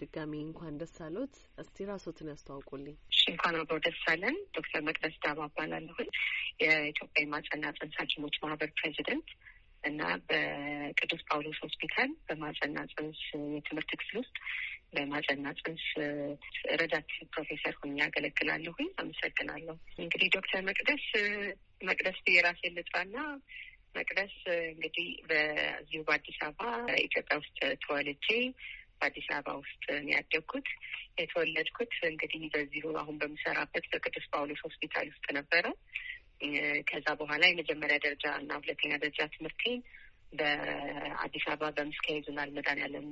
በድጋሚ እንኳን ደስ አሎት። እስቲ ራሶትን ያስተዋውቁልኝ። እሺ፣ እንኳን አብሮ ደስ አለን። ዶክተር መቅደስ ዳባ እባላለሁኝ የኢትዮጵያ የማህጸንና ጽንስ ሐኪሞች ማህበር ፕሬዚደንት እና በቅዱስ ጳውሎስ ሆስፒታል በማህጸንና ጽንስ የትምህርት ክፍል ውስጥ በማህጸንና ጽንስ ረዳት ፕሮፌሰር ሆኜ ያገለግላለሁኝ። አመሰግናለሁ። እንግዲህ ዶክተር መቅደስ መቅደስ የራሴ ልጥራና መቅደስ እንግዲህ በዚሁ በአዲስ አበባ ኢትዮጵያ ውስጥ ተወልጄ አዲስ አበባ ውስጥ ያደግኩት የተወለድኩት እንግዲህ በዚሁ አሁን በምሰራበት በቅዱስ ጳውሎስ ሆስፒታል ውስጥ ነበረ። ከዛ በኋላ የመጀመሪያ ደረጃ እና ሁለተኛ ደረጃ ትምህርቴን በአዲስ አበባ በምስካየ ኅዙናን መድኃኔዓለም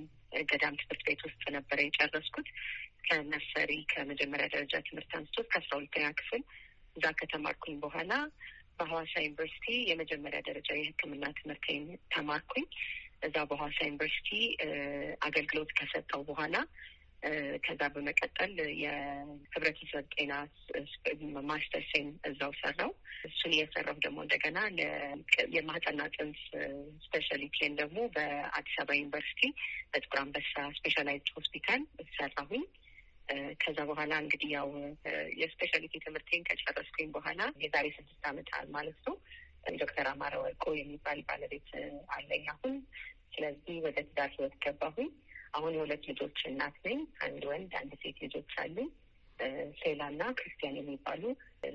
ገዳም ትምህርት ቤት ውስጥ ነበረ የጨረስኩት። ከነርሰሪ ከመጀመሪያ ደረጃ ትምህርት አንስቶ እስከ ሁለተኛ ክፍል እዛ ከተማርኩኝ በኋላ በሐዋሳ ዩኒቨርሲቲ የመጀመሪያ ደረጃ የሕክምና ትምህርቴን ተማርኩኝ። እዛ በሐዋሳ ዩኒቨርሲቲ አገልግሎት ከሰጠው በኋላ ከዛ በመቀጠል የህብረተሰብ ጤና ማስተር ሴም እዛው ሰራው። እሱን እየሰራሁ ደግሞ እንደገና የማህፀንና ጽንስ ስፔሻሊቲ ደግሞ በአዲስ አበባ ዩኒቨርሲቲ በጥቁር አንበሳ ስፔሻላይዝድ ሆስፒታል ሰራሁኝ። ከዛ በኋላ እንግዲህ ያው የስፔሻሊቲ ትምህርቴን ከጨረስኩኝ በኋላ የዛሬ ስድስት ዓመት ማለት ነው ዶክተር አማረ ወርቆ የሚባል ባለቤት አለኝ አሁን። ስለዚህ ወደ ትዳር ህይወት ገባሁኝ። አሁን የሁለት ልጆች እናት ነኝ። አንድ ወንድ አንድ ሴት ልጆች አሉኝ። ሴላና ክርስቲያን የሚባሉ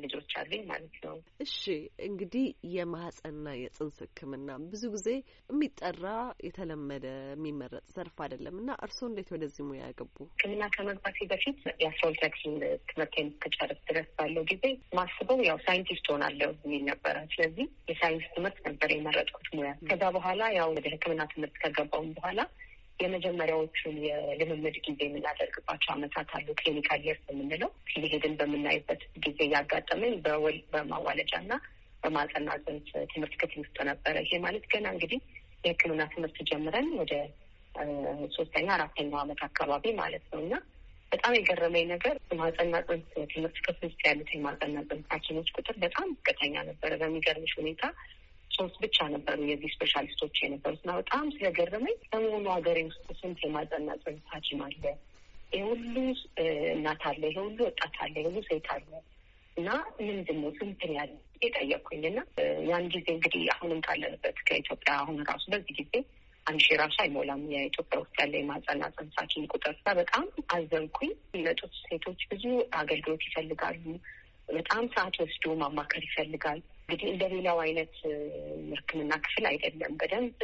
ልጆች አሉኝ ማለት ነው። እሺ እንግዲህ የማህፀንና የጽንስ ሕክምና ብዙ ጊዜ የሚጠራ የተለመደ የሚመረጥ ዘርፍ አይደለም እና እርስዎ እንዴት ወደዚህ ሙያ ያገቡ? ሕክምና ከመግባቴ በፊት የአስራ ሁለተኛ ክፍል ትምህርቴን ድረስ ባለው ጊዜ ማስበው ያው ሳይንቲስት ሆናለሁ የሚል ነበረ። ስለዚህ የሳይንስ ትምህርት ነበር የመረጥኩት ሙያ። ከዛ በኋላ ያው ወደ ሕክምና ትምህርት ከገባውም በኋላ የመጀመሪያዎቹን የልምምድ ጊዜ የምናደርግባቸው አመታት አሉ። ክሊኒካል የርስ የምንለው ሲሄድን በምናይበት ጊዜ ያጋጠመኝ በማዋለጃና በማህፀንና ጽንስ ትምህርት ክፍል ውስጥ ነበረ። ይሄ ማለት ገና እንግዲህ የሕክምና ትምህርት ጀምረን ወደ ሶስተኛ አራተኛው አመት አካባቢ ማለት ነው እና በጣም የገረመኝ ነገር ማህፀንና ጽንስ ትምህርት ክፍል ውስጥ ያሉት የማህፀንና ጽንስ ሐኪሞች ቁጥር በጣም ዝቅተኛ ነበረ። በሚገርምሽ ሁኔታ ሶስት ብቻ ነበሩ የዚህ ስፔሻሊስቶች የነበሩት እና በጣም ስለገረመኝ በመሆኑ ሀገሬ ውስጥ ስንት የማጠና ጽንስ ሐኪም አለ? የሁሉ እናት አለ፣ የሁሉ ወጣት አለ፣ የሁሉ ሴት አለ እና ምንድን ነው ስንትን ያለ የጠየቅኩኝ እና ያን ጊዜ እንግዲህ አሁንም ካለንበት ከኢትዮጵያ አሁን ራሱ በዚህ ጊዜ አንድ ሺህ ራሱ አይሞላም የኢትዮጵያ ውስጥ ያለ የማጸና ጽንስ ሐኪም ቁጥር እና በጣም አዘንኩኝ። የሚመጡት ሴቶች ብዙ አገልግሎት ይፈልጋሉ። በጣም ሰዓት ወስዶ ማማከር ይፈልጋል። እንግዲህ እንደ ሌላው አይነት የሕክምና ክፍል አይደለም። በደንብ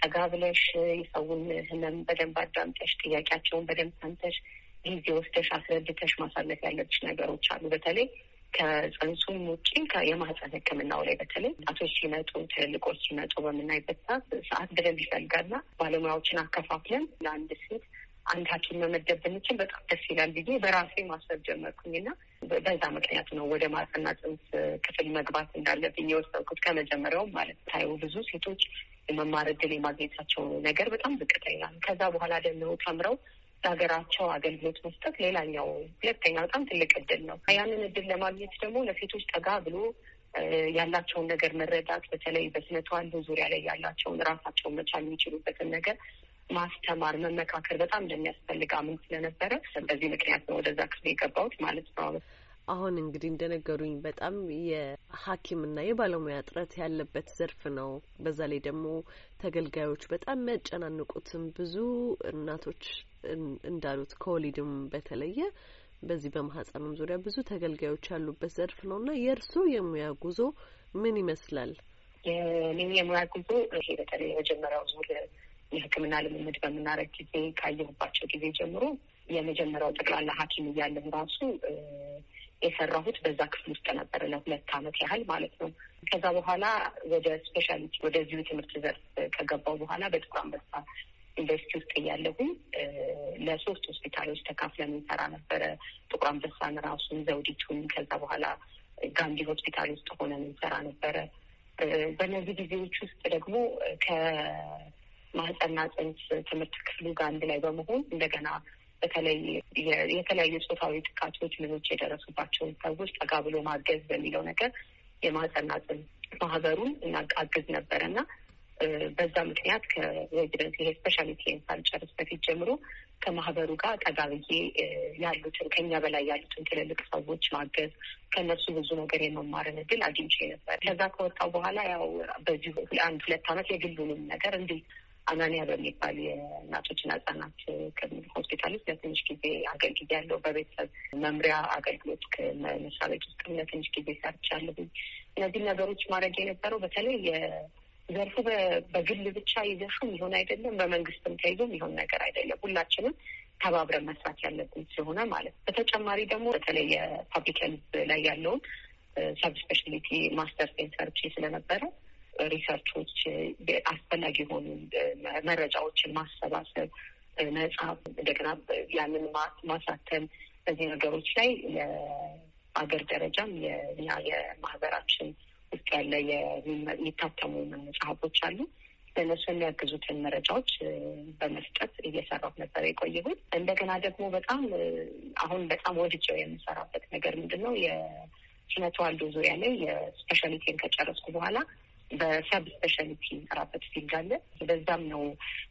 ጠጋ ብለሽ የሰውን ህመም በደንብ አዳምጠሽ፣ ጥያቄያቸውን በደንብ ሰምተሽ፣ ጊዜ ወስደሽ አስረድተሽ ማሳለፍ ያለብሽ ነገሮች አሉ። በተለይ ከጽንሱም ውጪ የማህፀን ህክምናው ላይ በተለይ ጣቶች ሲመጡ ትልልቆች ሲመጡ በምናይበት ሰዓት በደንብ ይፈልጋልና ባለሙያዎችን አከፋፍለን ለአንድ ሴት አንድ ሐኪም መመደብ ብንችል በጣም ደስ ይላል ብዬ በራሴ ማሰብ ጀመርኩኝና በዛ ምክንያት ነው ወደ ማህፀንና ጽንስ ክፍል መግባት እንዳለብኝ የወሰንኩት ከመጀመሪያውም ማለት ታዩ ብዙ ሴቶች የመማር እድል የማግኘታቸው ነገር በጣም ዝቅተኛ ከዛ በኋላ ደግሞ ተምረው ለሀገራቸው አገልግሎት መስጠት ሌላኛው ሁለተኛ በጣም ትልቅ እድል ነው። ያንን እድል ለማግኘት ደግሞ ለሴቶች ጠጋ ብሎ ያላቸውን ነገር መረዳት በተለይ በስነ ተዋልዶ ዙሪያ ላይ ያላቸውን ራሳቸውን መቻል የሚችሉበትን ነገር ማስተማር፣ መመካከር በጣም እንደሚያስፈልግ አምን ስለነበረ በዚህ ምክንያት ነው ወደዛ ክፍል የገባሁት ማለት ነው። አሁን እንግዲህ እንደነገሩኝ በጣም የሐኪምና የባለሙያ እጥረት ያለበት ዘርፍ ነው። በዛ ላይ ደግሞ ተገልጋዮች በጣም የሚያጨናንቁትም ብዙ እናቶች እንዳሉት ከወሊድም በተለየ በዚህ በማህጸኑም ዙሪያ ብዙ ተገልጋዮች ያሉበት ዘርፍ ነው እና የእርስዎ የሙያ ጉዞ ምን ይመስላል? የኔ የሙያ ጉዞ ይሄ በተለይ የመጀመሪያው ዙር የሕክምና ልምምድ በምናደርግ ጊዜ ካየሁባቸው ጊዜ ጀምሮ የመጀመሪያው ጠቅላላ ሐኪም እያለሁ ራሱ የሰራሁት በዛ ክፍል ውስጥ ነበር ለሁለት ዓመት ያህል ማለት ነው። ከዛ በኋላ ወደ ስፔሻሊቲ ወደዚሁ ትምህርት ዘርፍ ከገባው በኋላ በጥቁር አንበሳ ዩኒቨርሲቲ ውስጥ እያለሁኝ ለሶስት ሆስፒታሎች ተካፍለን እንሰራ ነበረ። ጥቁር አንበሳን ራሱን፣ ዘውዲቱን ከዛ በኋላ ጋንዲ ሆስፒታል ውስጥ ሆነን እንሰራ ነበረ። በእነዚህ ጊዜዎች ውስጥ ደግሞ ማህፀንና ጽንስ ትምህርት ክፍሉ ጋር አንድ ላይ በመሆን እንደገና በተለይ የተለያዩ ጾታዊ ጥቃቶች ልጆች የደረሱባቸውን ሰዎች ጠጋ ብሎ ማገዝ በሚለው ነገር የማህፀንና ጽንስ ማህበሩን እናቃግዝ ነበረ እና በዛ ምክንያት ከሬዚደንስ ይሄ ስፔሻሊቲ ሳልጨርስ በፊት ጀምሮ ከማህበሩ ጋር ጠጋ ብዬ ያሉትን ከኛ በላይ ያሉትን ትልልቅ ሰዎች ማገዝ ከእነሱ ብዙ ነገር የመማርን እድል አግኝቼ ነበር። ከዛ ከወጣው በኋላ ያው በዚሁ አንድ ሁለት ዓመት የግሉንም ነገር እንዲህ አናኒያ በሚባል የእናቶችና ህጻናት ከሚል ሆስፒታል ውስጥ ለትንሽ ጊዜ አገልግል ያለው በቤተሰብ መምሪያ አገልግሎት መስሪያ ቤት ውስጥ ለትንሽ ጊዜ ሰርቻለሁኝ። እነዚህ ነገሮች ማድረግ የነበረው በተለይ የዘርፉ በግል ብቻ ይዘሹም ይሆን አይደለም፣ በመንግስትም ተይዞም ይሆን ነገር አይደለም። ሁላችንም ተባብረን መስራት ያለብን ስለሆነ ማለት ነው። በተጨማሪ ደግሞ በተለይ የፓብሊክ ሄልዝ ላይ ያለውን ሰብስፔሻሊቲ ማስተር ሴንተር ስለነበረ ሪሰርቾች፣ አስፈላጊ የሆኑ መረጃዎችን ማሰባሰብ፣ መጽሐፍ፣ እንደገና ያንን ማሳተም በዚህ ነገሮች ላይ የአገር ደረጃም የኛ የማህበራችን ውስጥ ያለ የሚታተሙ መጽሐፎች አሉ። ለእነሱ የሚያግዙትን መረጃዎች በመስጠት እየሰራሁ ነበር የቆየሁት። እንደገና ደግሞ በጣም አሁን በጣም ወድጀው የምሰራበት ነገር ምንድን ነው? የስነ ተዋልዶ ዙሪያ ላይ የስፔሻሊቲን ከጨረስኩ በኋላ በሰብ ስፔሻሊቲ ራበት ፊልድ አለ። በዛም ነው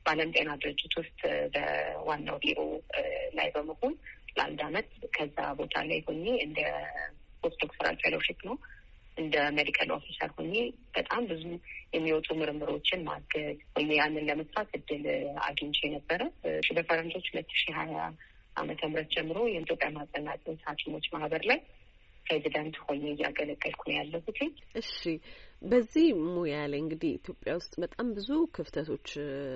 በዓለም ጤና ድርጅት ውስጥ በዋናው ቢሮ ላይ በመሆን ለአንድ አመት ከዛ ቦታ ላይ ሆኜ እንደ ፖስት ዶክተራል ፌሎሺፕ ነው እንደ ሜዲካል ኦፊሰር ሆኜ በጣም ብዙ የሚወጡ ምርምሮችን ማገዝ ወይ ያንን ለመስራት እድል አግኝቼ ነበረ። በፈረንጆች ሁለት ሺ ሀያ አመተ ምህረት ጀምሮ የኢትዮጵያ ማህጸንና ሐኪሞች ማህበር ላይ ፕሬዚዳንት ሆኜ እያገለገልኩ ነው ያለሁት። እሺ፣ በዚህ ሙያ ላይ እንግዲህ ኢትዮጵያ ውስጥ በጣም ብዙ ክፍተቶች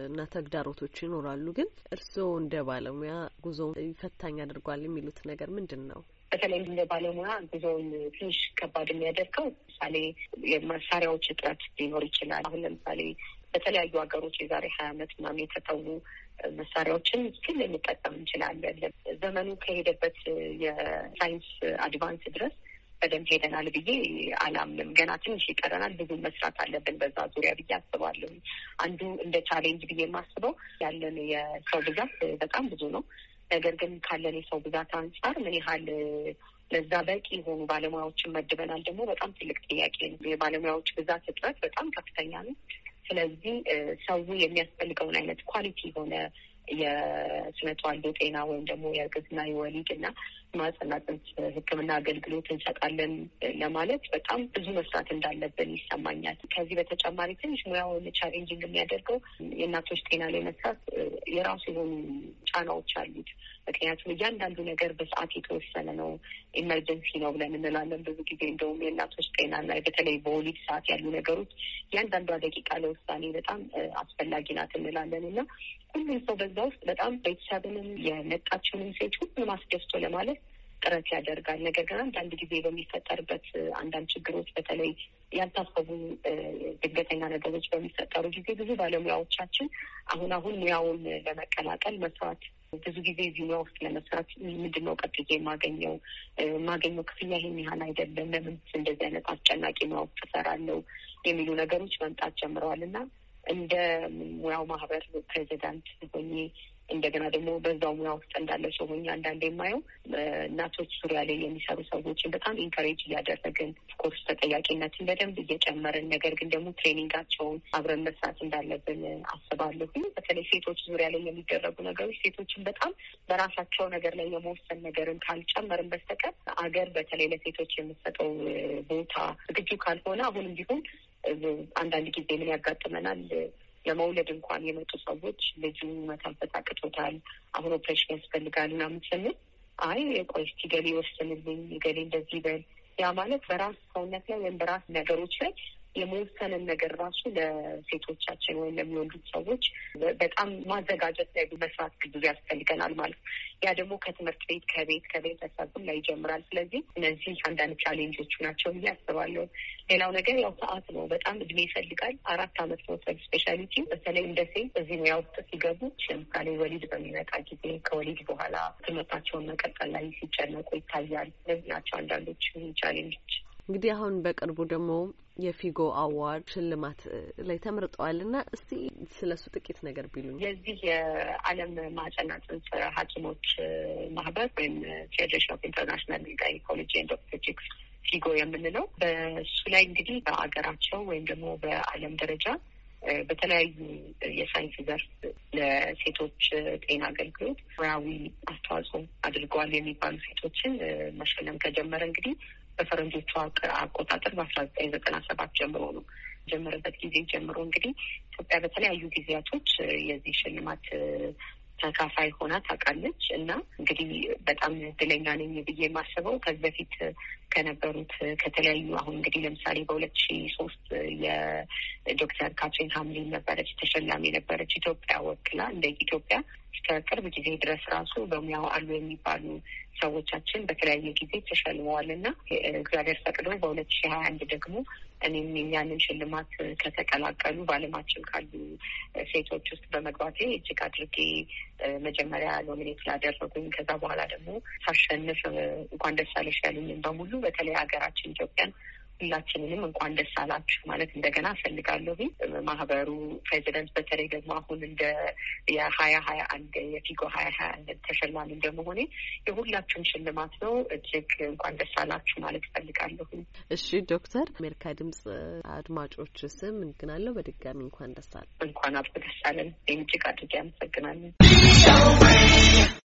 እና ተግዳሮቶች ይኖራሉ። ግን እርስዎ እንደ ባለሙያ ጉዞ ፈታኝ አድርጓል የሚሉት ነገር ምንድን ነው? በተለይ እንደ ባለሙያ ጉዞውን ትንሽ ከባድ የሚያደርገው ምሳሌ የመሳሪያዎች እጥረት ሊኖር ይችላል። አሁን ለምሳሌ በተለያዩ ሀገሮች የዛሬ ሀያ ዓመት ምናምን የተተዉ መሳሪያዎችን ስቲል ልንጠቀም እንችላለን። ዘመኑ ከሄደበት የሳይንስ አድቫንስ ድረስ በደንብ ሄደናል ብዬ አላምንም። ገና ትንሽ ይቀረናል፣ ብዙ መስራት አለብን በዛ ዙሪያ ብዬ አስባለሁ። አንዱ እንደ ቻሌንጅ ብዬ የማስበው ያለን የሰው ብዛት በጣም ብዙ ነው። ነገር ግን ካለን የሰው ብዛት አንጻር ምን ያህል ለዛ በቂ የሆኑ ባለሙያዎችን መድበናል ደግሞ በጣም ትልቅ ጥያቄ ነው። የባለሙያዎች ብዛት እጥረት በጣም ከፍተኛ ነው። ስለዚህ ሰው የሚያስፈልገውን አይነት ኳሊቲ የሆነ የስነ ተዋልዶ ጤና ወይም ደግሞ የእርግዝና የወሊድ እና ማጸናጠች ሕክምና አገልግሎት እንሰጣለን ለማለት በጣም ብዙ መስራት እንዳለብን ይሰማኛል። ከዚህ በተጨማሪ ትንሽ ሙያውን ቻሌንጂንግ የሚያደርገው የእናቶች ጤና ላይ መስራት የራሱ የሆኑ ጫናዎች አሉት። ምክንያቱም እያንዳንዱ ነገር በሰዓት የተወሰነ ነው። ኢመርጀንሲ ነው ብለን እንላለን ብዙ ጊዜ እንደውም የእናቶች ጤና በተለይ በወሊድ ሰዓት ያሉ ነገሮች እያንዳንዷ ደቂቃ ለውሳኔ በጣም አስፈላጊ ናት እንላለን እና ሁሉም ሰው በዛ ውስጥ በጣም ቤተሰብንም የመጣችውንም ሴት ሁሉም አስደስቶ ለማለት ጥረት ያደርጋል። ነገር ግን አንዳንድ ጊዜ በሚፈጠርበት አንዳንድ ችግሮች በተለይ ያልታሰቡ ድንገተኛ ነገሮች በሚፈጠሩ ጊዜ ብዙ ባለሙያዎቻችን አሁን አሁን ሙያውን ለመቀላቀል መስራት ብዙ ጊዜ እዚህ ሙያ ውስጥ ለመስራት ምንድን ነው ቀጥዬ የማገኘው የማገኘው ክፍያ ይህን ያህል አይደለም፣ ለምን እንደዚህ አይነት አስጨናቂ ሙያ ውስጥ እሰራለሁ የሚሉ ነገሮች መምጣት ጀምረዋል እና እንደ ሙያው ማህበር ፕሬዚዳንት ሆኜ እንደገና ደግሞ በዛው ሙያ ውስጥ እንዳለ ሰው ሆኜ አንዳንድ የማየው እናቶች ዙሪያ ላይ የሚሰሩ ሰዎችን በጣም ኢንከሬጅ እያደረግን ኮርስ ተጠያቂነትን በደንብ እየጨመርን ነገር ግን ደግሞ ትሬኒንጋቸውን አብረን መስራት እንዳለብን አስባለሁ። በተለይ ሴቶች ዙሪያ ላይ የሚደረጉ ነገሮች ሴቶችን በጣም በራሳቸው ነገር ላይ የመወሰን ነገርን ካልጨመርን በስተቀር አገር በተለይ ለሴቶች የምሰጠው ቦታ ዝግጁ ካልሆነ አሁንም ቢሆን አንዳንድ ጊዜ ምን ያጋጥመናል ለመውለድ እንኳን የመጡ ሰዎች ልጁ መተንፈስ አቅቶታል፣ አሁን ኦፕሬሽን ያስፈልጋል ምናምን ስንል አይ ቆይ እስኪ ገሌ ወስንልኝ ገሌ እንደዚህ በል ያ ማለት በራስ ሰውነት ላይ ወይም በራስ ነገሮች ላይ የመወሰንን ነገር ራሱ ለሴቶቻችን ወይም ለሚወልዱት ሰዎች በጣም ማዘጋጀት ላይ መስራት ብዙ ያስፈልገናል ማለት ነው። ያ ደግሞ ከትምህርት ቤት፣ ከቤት ከቤተሰብም ላይ ይጀምራል። ስለዚህ እነዚህ አንዳንድ ቻሌንጆቹ ናቸው ብዬ አስባለሁ። ሌላው ነገር ያው ሰዓት ነው። በጣም እድሜ ይፈልጋል። አራት አመት መውሰድ ስፔሻሊቲ በተለይ እንደ ሴት እዚህ ሙያ ውስጥ ሲገቡ ለምሳሌ ወሊድ በሚመጣ ጊዜ ከወሊድ በኋላ ትምህርታቸውን መቀጠል ላይ ሲጨነቁ ይታያል። እነዚህ ናቸው አንዳንዶች ቻሌንጆች። እንግዲህ አሁን በቅርቡ ደግሞ የፊጎ አዋርድ ሽልማት ላይ ተመርጠዋል እና እስቲ ስለ እሱ ጥቂት ነገር ቢሉኝ። የዚህ የዓለም ማህጸንና ጽንስ ሐኪሞች ማህበር ወይም ፌዴሬሽን ኦፍ ኢንተርናሽናል ጋይናኮሎጂ ኤንድ ኦብስቴትሪክስ ፊጎ የምንለው በእሱ ላይ እንግዲህ በአገራቸው ወይም ደግሞ በዓለም ደረጃ በተለያዩ የሳይንስ ዘርፍ ለሴቶች ጤና አገልግሎት ሙያዊ አስተዋጽኦ አድርገዋል የሚባሉ ሴቶችን መሸለም ከጀመረ እንግዲህ በፈረንጆቹ አቆጣጠር በአስራ ዘጠኝ ዘጠና ሰባት ጀምሮ ነው ጀመረበት ጊዜ ጀምሮ እንግዲህ ኢትዮጵያ በተለያዩ ጊዜያቶች የዚህ ሽልማት ተካፋይ ሆና ታውቃለች እና እንግዲህ በጣም እድለኛ ነኝ ብዬ የማስበው ከዚህ በፊት ከነበሩት ከተለያዩ አሁን እንግዲህ ለምሳሌ በሁለት ሺ ሶስት የዶክተር ካትሪን ሀምሊን ነበረች ተሸላሚ የነበረች ኢትዮጵያ ወክላ እንደ ኢትዮጵያ እስከ ቅርብ ጊዜ ድረስ ራሱ በሙያው አሉ የሚባሉ ሰዎቻችን በተለያየ ጊዜ ተሸልመዋል እና እግዚአብሔር ፈቅዶ በሁለት ሺ ሀያ አንድ ደግሞ እኔም ያንን ሽልማት ከተቀላቀሉ በዓለማችን ካሉ ሴቶች ውስጥ በመግባቴ እጅግ አድርጌ መጀመሪያ ኖሚኔት ስላደረጉኝ ከዛ በኋላ ደግሞ ሳሸንፍ እንኳን ደስ አለሽ በሙሉ በተለይ ሀገራችን ኢትዮጵያን ሁላችንንም እንኳን ደስ አላችሁ ማለት እንደገና እፈልጋለሁ። ማህበሩ ፕሬዚደንት በተለይ ደግሞ አሁን እንደ የሀያ ሀያ አንድ የፊጎ ሀያ ሀያ አንድ ተሸላሚ እንደመሆኔ የሁላችሁም ሽልማት ነው። እጅግ እንኳን ደስ አላችሁ ማለት እፈልጋለሁ። እሺ ዶክተር አሜሪካ ድምጽ አድማጮች ስም እንግናለሁ በድጋሚ እንኳን ደስ አለ እንኳን አብሮ ደስ አለን። እጅግ አድርጌ አመሰግናለን።